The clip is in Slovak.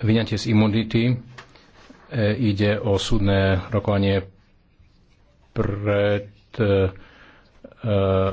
vyňatie z imunity e, ide o súdne rokovanie pred e,